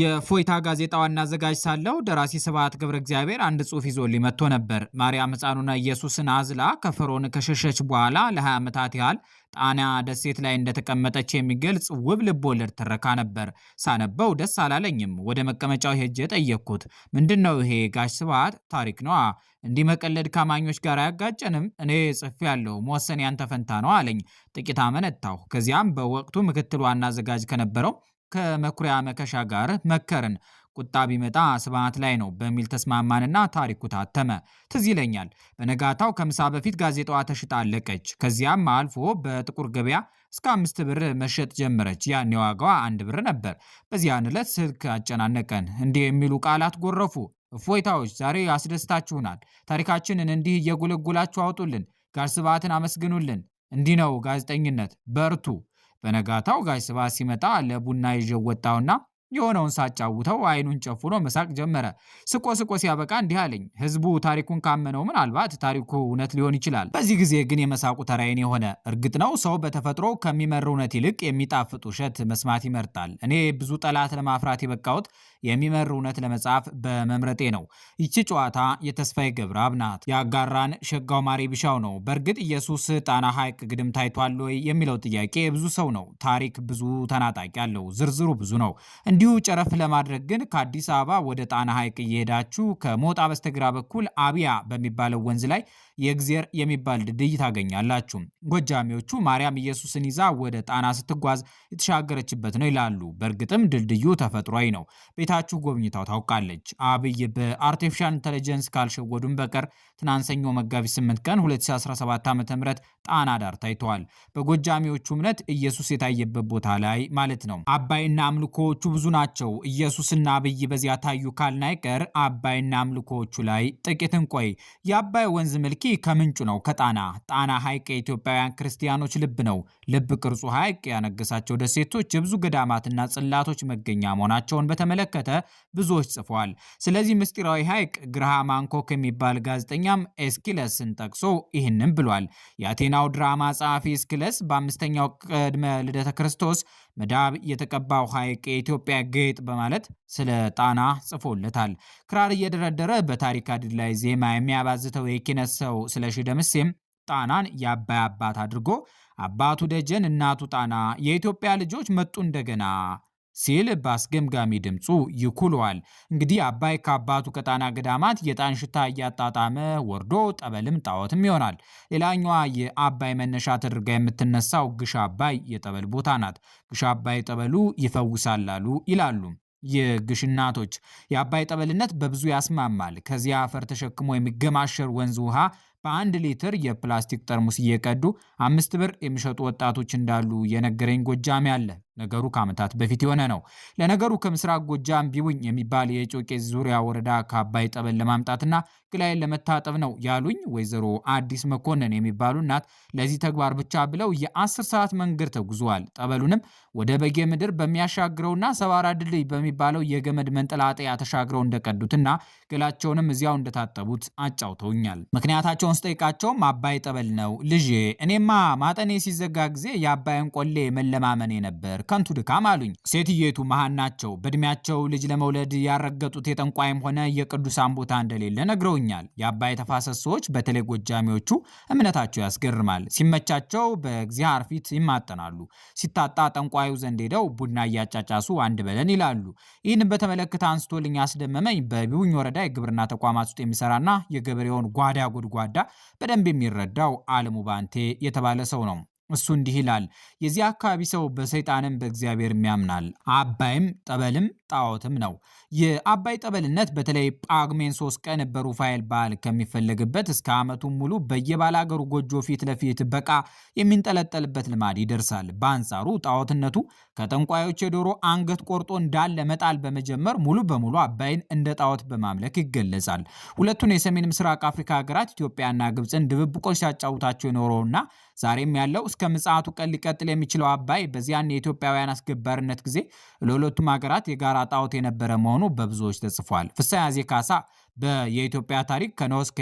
የፎይታ ጋዜጣ ዋና አዘጋጅ ሳለው ደራሲ ስብሐት ገብረ እግዚአብሔር አንድ ጽሑፍ ይዞ ሊመጥቶ ነበር። ማርያም ሕፃኑና ኢየሱስን አዝላ ከፈሮን ከሸሸች በኋላ ለ20 ዓመታት ያህል ጣና ደሴት ላይ እንደተቀመጠች የሚገልጽ ውብ ልቦለድ ትረካ ነበር። ሳነበው ደስ አላለኝም። ወደ መቀመጫው ሄጄ ጠየቅኩት። ምንድን ነው ይሄ ጋሽ ስብሐት? ታሪክ ነዋ። እንዲህ መቀለድ ከአማኞች ጋር አያጋጨንም። እኔ ያለው መወሰን ያንተ ፈንታ ነው አለኝ። ጥቂት አመነታሁ። ከዚያም በወቅቱ ምክትል ዋና አዘጋጅ ከነበረው ከመኩሪያ መከሻ ጋር መከርን። ቁጣ ቢመጣ ስብዓት ላይ ነው በሚል ተስማማንና ታሪኩ ታተመ። ትዝ ይለኛል በነጋታው ከምሳ በፊት ጋዜጣዋ ተሽጣ አለቀች። ከዚያም አልፎ በጥቁር ገበያ እስከ አምስት ብር መሸጥ ጀመረች። ያኔ ዋጋዋ አንድ ብር ነበር። በዚያን ዕለት ስልክ አጨናነቀን። እንዲህ የሚሉ ቃላት ጎረፉ። እፎይታዎች ዛሬ አስደስታችሁናል። ታሪካችንን እንዲህ እየጎለጎላችሁ አውጡልን። ጋር ስብዓትን አመስግኑልን። እንዲህ ነው ጋዜጠኝነት። በርቱ። በነጋታው ጋሽ ስብሐት ሲመጣ ለቡና ይዤው ወጣውና የሆነውን ሳጫውተው አይኑን ጨፍኖ መሳቅ ጀመረ። ስቆ ስቆ ሲያበቃ እንዲህ አለኝ፣ ህዝቡ ታሪኩን ካመነው ምናልባት ታሪኩ እውነት ሊሆን ይችላል። በዚህ ጊዜ ግን የመሳቁ ተራዬን የሆነ። እርግጥ ነው ሰው በተፈጥሮ ከሚመር እውነት ይልቅ የሚጣፍጥ ውሸት መስማት ይመርጣል። እኔ ብዙ ጠላት ለማፍራት የበቃሁት የሚመር እውነት ለመጻፍ በመምረጤ ነው። ይቺ ጨዋታ የተስፋዬ ገብረአብ ናት። ያጋራን ሸጋው ማሬ ቢሻው ነው። በእርግጥ ኢየሱስ ጣና ሐይቅ ግድም ታይቷል ወይ የሚለው ጥያቄ ብዙ ሰው ነው። ታሪክ ብዙ ተናጣቂ አለው፣ ዝርዝሩ ብዙ ነው። እንዲሁ ጨረፍ ለማድረግ ግን ከአዲስ አበባ ወደ ጣና ሐይቅ እየሄዳችሁ ከሞጣ በስተግራ በኩል አብያ በሚባለው ወንዝ ላይ የእግዜር የሚባል ድልድይ ታገኛላችሁ። ጎጃሚዎቹ ማርያም ኢየሱስን ይዛ ወደ ጣና ስትጓዝ የተሻገረችበት ነው ይላሉ። በእርግጥም ድልድዩ ተፈጥሯዊ ነው። ቤታችሁ ጎብኝታው ታውቃለች። አብይ በአርቲፊሻል ኢንተለጀንስ ካልሸወዱም በቀር ትናንት ሰኞ መጋቢት 8 ቀን 2017 ዓ ም ጣና ዳር ታይተዋል። በጎጃሚዎቹ እምነት ኢየሱስ የታየበት ቦታ ላይ ማለት ነው። አባይና አምልኮዎቹ ብዙ ናቸው። ኢየሱስና አብይ በዚያ ታዩ ካልን አባይና አምልኮዎቹ ላይ ጥቂት እንቆይ። የአባይ ወንዝ ምልኪ ከምንጩ ነው ከጣና። ጣና ሐይቅ የኢትዮጵያውያን ክርስቲያኖች ልብ ነው። ልብ ቅርጹ ሐይቅ ያነገሳቸው ደሴቶች የብዙ ገዳማትና ጽላቶች መገኛ መሆናቸውን በተመለከተ ብዙዎች ጽፈዋል። ስለዚህ ምስጢራዊ ሐይቅ ግርሃ ማንኮክ የሚባል ጋዜጠኛም ኤስኪለስን ጠቅሶ ይህንም ብሏል። የአቴናው ድራማ ጸሐፊ ኤስኪለስ በአምስተኛው ቅድመ ልደተ ክርስቶስ መዳብ የተቀባው ሐይቅ የኢትዮጵያ ጌጥ በማለት ስለ ጣና ጽፎለታል። ክራር እየደረደረ በታሪክ አድድ ላይ ዜማ የሚያባዝተው የኪነት ሰው ስለሺ ደምሴም ጣናን የአባይ አባት አድርጎ አባቱ ደጀን እናቱ ጣና የኢትዮጵያ ልጆች መጡ እንደገና ሲል በአስገምጋሚ ድምፁ ይኩለዋል። እንግዲህ አባይ ከአባቱ ከጣና ገዳማት የጣን ሽታ እያጣጣመ ወርዶ ጠበልም ጣዖትም ይሆናል። ሌላኛዋ የአባይ መነሻ ተደርጋ የምትነሳው ግሽ አባይ የጠበል ቦታ ናት። ግሽ አባይ ጠበሉ ይፈውሳላሉ ይላሉ የግሽ እናቶች። የአባይ ጠበልነት በብዙ ያስማማል። ከዚያ አፈር ተሸክሞ የሚገማሸር ወንዝ ውሃ በአንድ ሊትር የፕላስቲክ ጠርሙስ እየቀዱ አምስት ብር የሚሸጡ ወጣቶች እንዳሉ የነገረኝ ጎጃሜ አለ። ነገሩ ከዓመታት በፊት የሆነ ነው። ለነገሩ ከምስራቅ ጎጃም ቢቡኝ የሚባል የጮቄ ዙሪያ ወረዳ ከአባይ ጠበል ለማምጣትና ግላይን ለመታጠብ ነው ያሉኝ ወይዘሮ አዲስ መኮንን የሚባሉ እናት ለዚህ ተግባር ብቻ ብለው የአስር ሰዓት መንገድ ተጉዘዋል። ጠበሉንም ወደ በጌ ምድር በሚያሻግረውና ሰባራ ድልድይ በሚባለው የገመድ መንጠላጠያ ተሻግረው እንደቀዱትና ግላቸውንም እዚያው እንደታጠቡት አጫውተውኛል። ምክንያታቸው እሳቸውን ስጠይቃቸውም አባይ ጠበል ነው ልጄ፣ እኔማ ማጠኔ ሲዘጋ ጊዜ የአባይን ቆሌ መለማመኔ ነበር፣ ከንቱ ድካም አሉኝ። ሴትየቱ መሀን ናቸው። በእድሜያቸው ልጅ ለመውለድ ያረገጡት የጠንቋይም ሆነ የቅዱሳን ቦታ እንደሌለ ነግረውኛል። የአባይ ተፋሰስ ሰዎች በተለይ ጎጃሚዎቹ እምነታቸው ያስገርማል። ሲመቻቸው በእግዚአብሔር ፊት ይማጠናሉ፣ ሲታጣ ጠንቋዩ ዘንድ ሄደው ቡና እያጫጫሱ አንድ በለን ይላሉ። ይህን በተመለከተ አንስቶልኝ ያስደመመኝ በቢቡኝ ወረዳ የግብርና ተቋማት ውስጥ የሚሰራና የገበሬውን ጓዳ ጎድጓዳ በደንብ የሚረዳው አለሙ ባንቴ የተባለ ሰው ነው። እሱ እንዲህ ይላል፣ የዚህ አካባቢ ሰው በሰይጣንም በእግዚአብሔርም ያምናል፣ አባይም ጠበልም ጣዖትም ነው። የአባይ ጠበልነት በተለይ ጳጉሜን ሶስት ቀን በሩፋኤል በዓል ከሚፈለግበት እስከ ዓመቱ ሙሉ በየባለ አገሩ ጎጆ ፊት ለፊት በቃ የሚንጠለጠልበት ልማድ ይደርሳል። በአንጻሩ ጣዖትነቱ ከጠንቋዮች የዶሮ አንገት ቆርጦ እንዳለ መጣል በመጀመር ሙሉ በሙሉ አባይን እንደ ጣዖት በማምለክ ይገለጻል። ሁለቱን የሰሜን ምስራቅ አፍሪካ ሀገራት ኢትዮጵያና ግብፅን ድብብቆች ሲያጫውታቸው የኖረውና ዛሬም ያለው እስከ ምጽአቱ ቀን ሊቀጥል የሚችለው አባይ በዚያን የኢትዮጵያውያን አስገባሪነት ጊዜ ለሁለቱም ሀገራት የጋራ ጣዖት የነበረ መሆኑ በብዙዎች ተጽፏል። ፍሳ ያዜ ካሳ በየኢትዮጵያ ታሪክ ከኖህ እስከ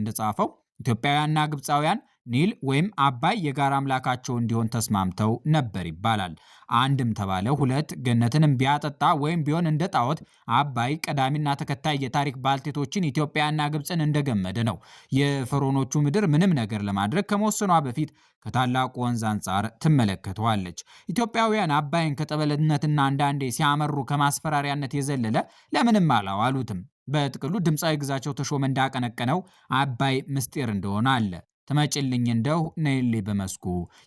እንደጻፈው ኢትዮጵያውያንና ግብፃውያን ኒል ወይም አባይ የጋራ አምላካቸው እንዲሆን ተስማምተው ነበር ይባላል። አንድም ተባለ ሁለት ገነትንም ቢያጠጣ ወይም ቢሆን እንደ ጣዖት አባይ ቀዳሚና ተከታይ የታሪክ ባልቴቶችን ኢትዮጵያና ግብፅን እንደገመደ ነው። የፈሮኖቹ ምድር ምንም ነገር ለማድረግ ከመወሰኗ በፊት ከታላቁ ወንዝ አንጻር ትመለከተዋለች። ኢትዮጵያውያን አባይን ከጠበልነትና አንዳንዴ ሲያመሩ ከማስፈራሪያነት የዘለለ ለምንም አላዋሉትም። በጥቅሉ ድምፃዊ ግዛቸው ተሾመ እንዳቀነቀነው አባይ ምስጢር እንደሆነ አለ። ትመጭልኝ እንደው ነይሌ በመስኩ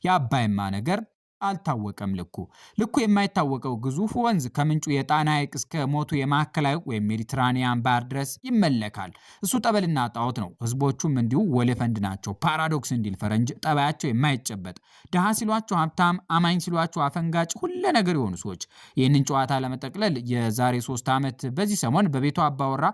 የአባይማ ነገር አልታወቀም። ልኩ ልኩ የማይታወቀው ግዙፍ ወንዝ ከምንጩ የጣና ሐይቅ እስከ ሞቱ የማዕከላዊ ወይም ሜዲትራኒያን ባህር ድረስ ይመለካል። እሱ ጠበልና ጣዖት ነው። ህዝቦቹም እንዲሁ ወለፈንድ ናቸው። ፓራዶክስ እንዲል ፈረንጅ ጠባያቸው የማይጨበጥ ድሃ ሲሏቸው ሀብታም፣ አማኝ ሲሏቸው አፈንጋጭ፣ ሁለ ነገር የሆኑ ሰዎች። ይህንን ጨዋታ ለመጠቅለል የዛሬ ሶስት ዓመት በዚህ ሰሞን በቤቷ አባወራ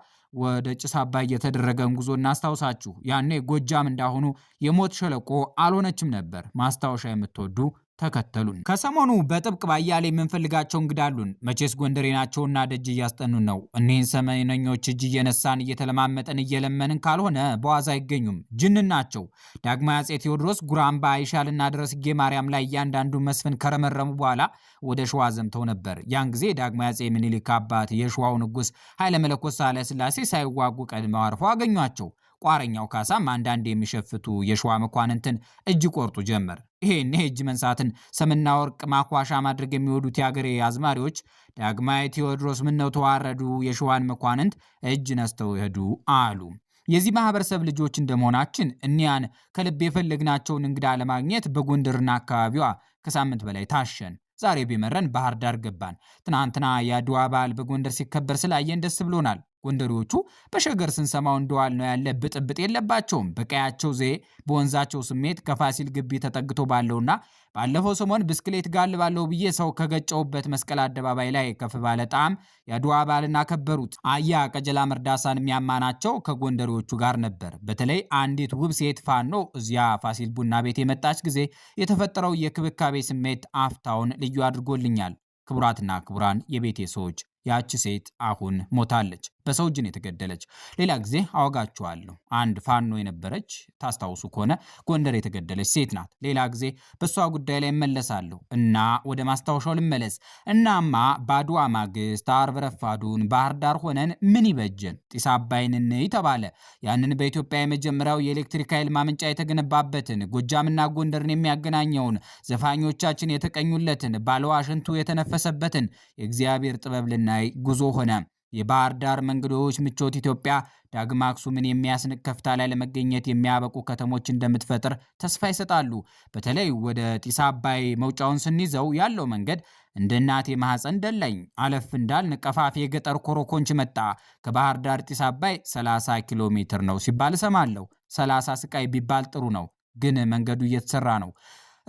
ወደ ጭስ አባይ የተደረገን ጉዞ እናስታውሳችሁ። ያኔ ጎጃም እንዳሁኑ የሞት ሸለቆ አልሆነችም ነበር። ማስታወሻ የምትወዱ ተከተሉን። ከሰሞኑ በጥብቅ ባያሌ የምንፈልጋቸው እንግዳሉን መቼስ ጎንደሬ ናቸውና ደጅ እያስጠኑን ነው። እኒህን ሰሜነኞች እጅ እየነሳን እየተለማመጠን እየለመንን ካልሆነ በዋዛ አይገኙም። ጅን ናቸው። ዳግማዊ አፄ ቴዎድሮስ ጉራምባ፣ አይሻልና ድረስጌ ማርያም ላይ እያንዳንዱ መስፍን ከረመረሙ በኋላ ወደ ሸዋ ዘምተው ነበር። ያን ጊዜ ዳግማዊ አፄ ምኒልክ አባት የሸዋው ንጉሥ ኃይለ መለኮት ሳህለ ሥላሴ ሳይዋጉ ቀድመው አርፈው አገኟቸው። ቋረኛው ካሳም አንዳንድ የሚሸፍቱ የሸዋ መኳንንትን እጅ ቆርጡ ጀመር። ይሄኔ እጅ መንሳትን ሰምና ወርቅ ማኳሻ ማድረግ የሚወዱት የአገሬ አዝማሪዎች ዳግማዊ ቴዎድሮስ ምነው ተዋረዱ፣ የሸዋን መኳንንት እጅ ነስተው ይሄዱ አሉ። የዚህ ማህበረሰብ ልጆች እንደመሆናችን እኒያን ከልብ የፈለግናቸውን እንግዳ ለማግኘት በጎንደርና አካባቢዋ ከሳምንት በላይ ታሸን። ዛሬ ቢመረን ባህር ዳር ገባን። ትናንትና የአድዋ በዓል በጎንደር ሲከበር ስላየን ደስ ብሎናል። ጎንደሬዎቹ በሸገር ስንሰማው እንደዋል ነው ያለ ብጥብጥ የለባቸውም። በቀያቸው ዘዬ በወንዛቸው ስሜት ከፋሲል ግቢ ተጠግቶ ባለውና ባለፈው ሰሞን ብስክሌት ጋል ባለው ብዬ ሰው ከገጨውበት መስቀል አደባባይ ላይ ከፍ ባለ ጣዕም የአድዋ በዓልን አከበሩት። አያ ቀጀላ መርዳሳን የሚያማናቸው ከጎንደሬዎቹ ጋር ነበር። በተለይ አንዲት ውብ ሴት ፋኖ እዚያ ፋሲል ቡና ቤት የመጣች ጊዜ የተፈጠረው የክብካቤ ስሜት አፍታውን ልዩ አድርጎልኛል። ክቡራትና ክቡራን የቤቴ ሰዎች ያቺ ሴት አሁን ሞታለች። በሰው እጅ የተገደለች። ሌላ ጊዜ አወጋችኋለሁ። አንድ ፋኖ የነበረች ታስታውሱ ከሆነ ጎንደር የተገደለች ሴት ናት። ሌላ ጊዜ በእሷ ጉዳይ ላይ እመለሳለሁ እና ወደ ማስታወሻው ልመለስ። እናማ በአድዋ ማግስት አርብ ረፋዱን ባህር ዳር ሆነን ምን ይበጀን ጢስ አባይን እንይ ተባለ። ያንን በኢትዮጵያ የመጀመሪያው የኤሌክትሪክ ኃይል ማመንጫ የተገነባበትን ጎጃምና ጎንደርን የሚያገናኘውን ዘፋኞቻችን የተቀኙለትን ባለዋሽንቱ የተነፈሰበትን የእግዚአብሔር ጥበብ ልናይ ጉዞ ሆነ። የባህር ዳር መንገዶች ምቾት ኢትዮጵያ ዳግም አክሱምን የሚያስንቅ ከፍታ ላይ ለመገኘት የሚያበቁ ከተሞች እንደምትፈጥር ተስፋ ይሰጣሉ። በተለይ ወደ ጢስ አባይ መውጫውን ስንይዘው ያለው መንገድ እንደ እናቴ ማህፀን ደላኝ አለፍ እንዳልን ቀፋፊ የገጠር ኮሮኮንች መጣ። ከባህር ዳር ጢስ አባይ 30 ኪሎ ሜትር ነው ሲባል እሰማለሁ። 30 ስቃይ ቢባል ጥሩ ነው፣ ግን መንገዱ እየተሰራ ነው።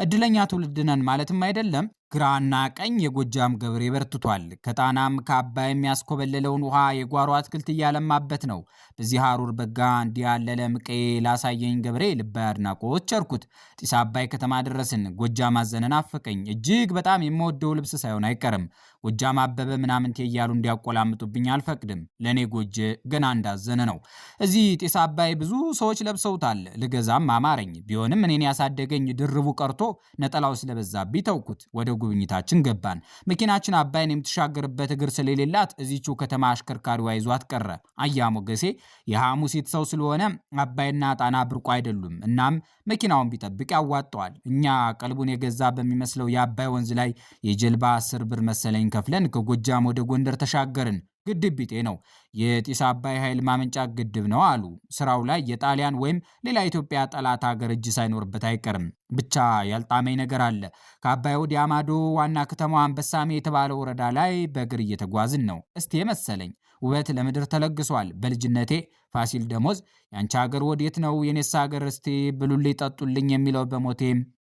እድለኛ ትውልድ ነን ማለትም አይደለም። ግራና ቀኝ የጎጃም ገበሬ በርትቷል። ከጣናም ከአባይ የሚያስኮበለለውን ውሃ የጓሮ አትክልት እያለማበት ነው። በዚህ ሀሩር በጋ እንዲያለለ ምቄ ላሳየኝ ገበሬ ልባይ አድናቆት ቸርኩት። ጢስ አባይ ከተማ ደረስን። ጎጃም አዘነን አፈቀኝ። እጅግ በጣም የምወደው ልብስ ሳይሆን አይቀርም። ጎጃም አበበ ምናምንቴ እያሉ እንዲያቆላምጡብኝ አልፈቅድም። ለእኔ ጎጀ ገና እንዳዘነ ነው። እዚህ ጢስ አባይ ብዙ ሰዎች ለብሰውታል። ልገዛም አማረኝ። ቢሆንም እኔን ያሳደገኝ ድርቡ ቀርቶ ነጠላው ስለበዛብኝ ተውኩት። ወደ ጉብኝታችን ገባን። መኪናችን አባይን የምትሻገርበት እግር ስለሌላት እዚቹ ከተማ አሽከርካሪዋ ይዟት ቀረ። አያ ሞገሴ የሐሙሲት ሰው ስለሆነ አባይና ጣና ብርቁ አይደሉም። እናም መኪናውን ቢጠብቅ ያዋጠዋል። እኛ ቀልቡን የገዛ በሚመስለው የአባይ ወንዝ ላይ የጀልባ አስር ብር መሰለኝ ከፍለን ከጎጃም ወደ ጎንደር ተሻገርን። ግድብ ቢጤ ነው። የጢስ አባይ ኃይል ማመንጫ ግድብ ነው አሉ። ስራው ላይ የጣሊያን ወይም ሌላ ኢትዮጵያ ጠላት ሀገር እጅ ሳይኖርበት አይቀርም። ብቻ ያልጣመኝ ነገር አለ። ከአባይ ወደ አማዶ ዋና ከተማዋ አንበሳሜ የተባለ ወረዳ ላይ በእግር እየተጓዝን ነው። እስቲ መሰለኝ ውበት ለምድር ተለግሷል። በልጅነቴ ፋሲል ደሞዝ የአንቺ ሀገር ወዴት ነው የኔስ ሀገር እስቲ ብሉልኝ ጠጡልኝ የሚለው በሞቴ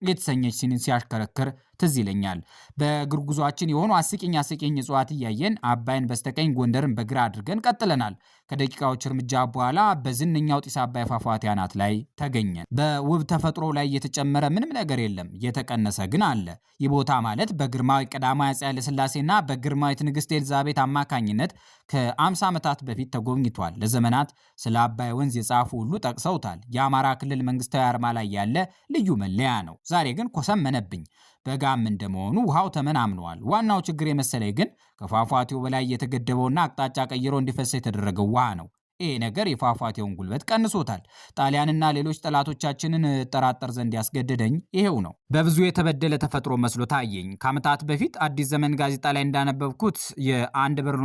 የተሰኘች ሲኒን ሲያሽከረክር ትዝ ይለኛል። በእግር ጉዟችን የሆኑ አስቂኝ አስቂኝ እጽዋት እያየን አባይን በስተቀኝ ጎንደርን በግራ አድርገን ቀጥለናል። ከደቂቃዎች እርምጃ በኋላ በዝነኛው ጢስ አባይ ፏፏቴ አናት ላይ ተገኘን። በውብ ተፈጥሮ ላይ እየተጨመረ ምንም ነገር የለም፣ እየተቀነሰ ግን አለ። ይህ ቦታ ማለት በግርማዊ ቀዳማዊ አፄ ኃይለሥላሴና በግርማዊት ንግሥት ኤልዛቤት አማካኝነት ከ50 ዓመታት በፊት ተጎብኝቷል። ለዘመናት ስለ አባይ ወንዝ የጻፉ ሁሉ ጠቅሰውታል። የአማራ ክልል መንግስታዊ አርማ ላይ ያለ ልዩ መለያ ነው። ዛሬ ግን ኮሰመነብኝ። በጋም እንደመሆኑ ውሃው ተመናምነዋል። ዋናው ችግር የመሰለኝ ግን ከፏፏቴው በላይ የተገደበውና አቅጣጫ ቀይሮ እንዲፈሰ የተደረገው ውሃ ነው። ይህ ነገር የፏፏቴውን ጉልበት ቀንሶታል። ጣሊያንና ሌሎች ጠላቶቻችንን ጠራጠር ዘንድ ያስገደደኝ ይሄው ነው። በብዙ የተበደለ ተፈጥሮ መስሎ ታየኝ። ከዓመታት በፊት አዲስ ዘመን ጋዜጣ ላይ እንዳነበብኩት የአንድ ብር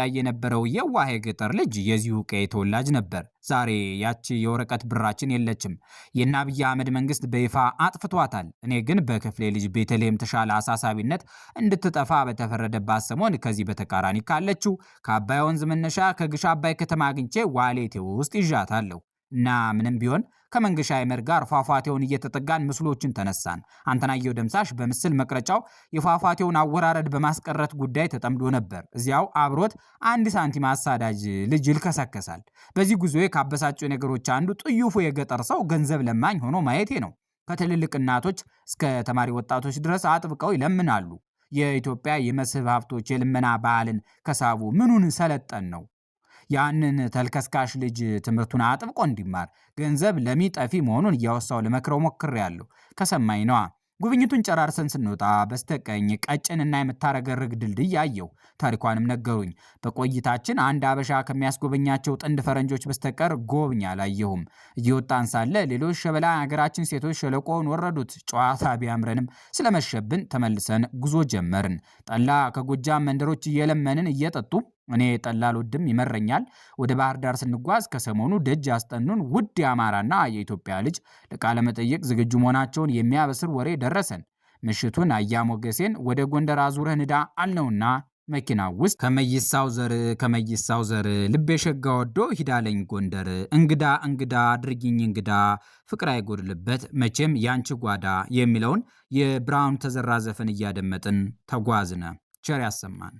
ላይ የነበረው የዋህ ገጠር ልጅ የዚሁ ቀዬ ተወላጅ ነበር። ዛሬ ያቺ የወረቀት ብራችን የለችም። የእነ አብይ አህመድ መንግስት በይፋ አጥፍቷታል። እኔ ግን በክፍሌ ልጅ ቤተልሔም ተሻለ አሳሳቢነት እንድትጠፋ በተፈረደባት ሰሞን ከዚህ በተቃራኒ ካለችው ከአባይ ወንዝ መነሻ ከግሽ አባይ ከተማ አግኝቼ ዋሌቴ ውስጥ ይዣታለሁ። እና ምንም ቢሆን ከመንገሻ አይመር ጋር ፏፏቴውን እየተጠጋን ምስሎችን ተነሳን። አንተናየው ደምሳሽ በምስል መቅረጫው የፏፏቴውን አወራረድ በማስቀረት ጉዳይ ተጠምዶ ነበር። እዚያው አብሮት አንድ ሳንቲም አሳዳጅ ልጅ ይልከሰከሳል። በዚህ ጉዞ ካበሳጩ ነገሮች አንዱ ጥዩፉ የገጠር ሰው ገንዘብ ለማኝ ሆኖ ማየቴ ነው። ከትልልቅ እናቶች እስከ ተማሪ ወጣቶች ድረስ አጥብቀው ይለምናሉ። የኢትዮጵያ የመስህብ ሀብቶች የልመና ባህልን ከሳቡ ምኑን ሰለጠን ነው? ያንን ተልከስካሽ ልጅ ትምህርቱን አጥብቆ እንዲማር ገንዘብ ለሚጠፊ መሆኑን እያወሳው ልመክረው ሞክሬያለሁ። ከሰማኝ ነዋ። ጉብኝቱን ጨራርሰን ስንወጣ በስተቀኝ ቀጭንና የምታረገርግ ድልድይ አየሁ። ታሪኳንም ነገሩኝ። በቆይታችን አንድ አበሻ ከሚያስጎበኛቸው ጥንድ ፈረንጆች በስተቀር ጎብኝ አላየሁም። እየወጣን ሳለ ሌሎች ሸበላ ሀገራችን ሴቶች ሸለቆውን ወረዱት። ጨዋታ ቢያምረንም ስለመሸብን ተመልሰን ጉዞ ጀመርን። ጠላ ከጎጃም መንደሮች እየለመንን እየጠጡ እኔ ጠላ አልወድም፣ ይመረኛል። ወደ ባህር ዳር ስንጓዝ ከሰሞኑ ደጅ ያስጠኑን ውድ የአማራና የኢትዮጵያ ልጅ ለቃለመጠየቅ ዝግጁ መሆናቸውን የሚያበስር ወሬ ደረሰን። ምሽቱን አያ ሞገሴን ወደ ጎንደር አዙረህ ንዳ አልነውና መኪና ውስጥ ከመይሳው ዘር ከመይሳው ዘር ልቤ ሸጋ ወዶ ሂዳለኝ ጎንደር እንግዳ እንግዳ አድርጊኝ እንግዳ ፍቅር አይጎድልበት መቼም ያንቺ ጓዳ የሚለውን የብራውን ተዘራ ዘፈን እያደመጥን ተጓዝነ። ቸር ያሰማን።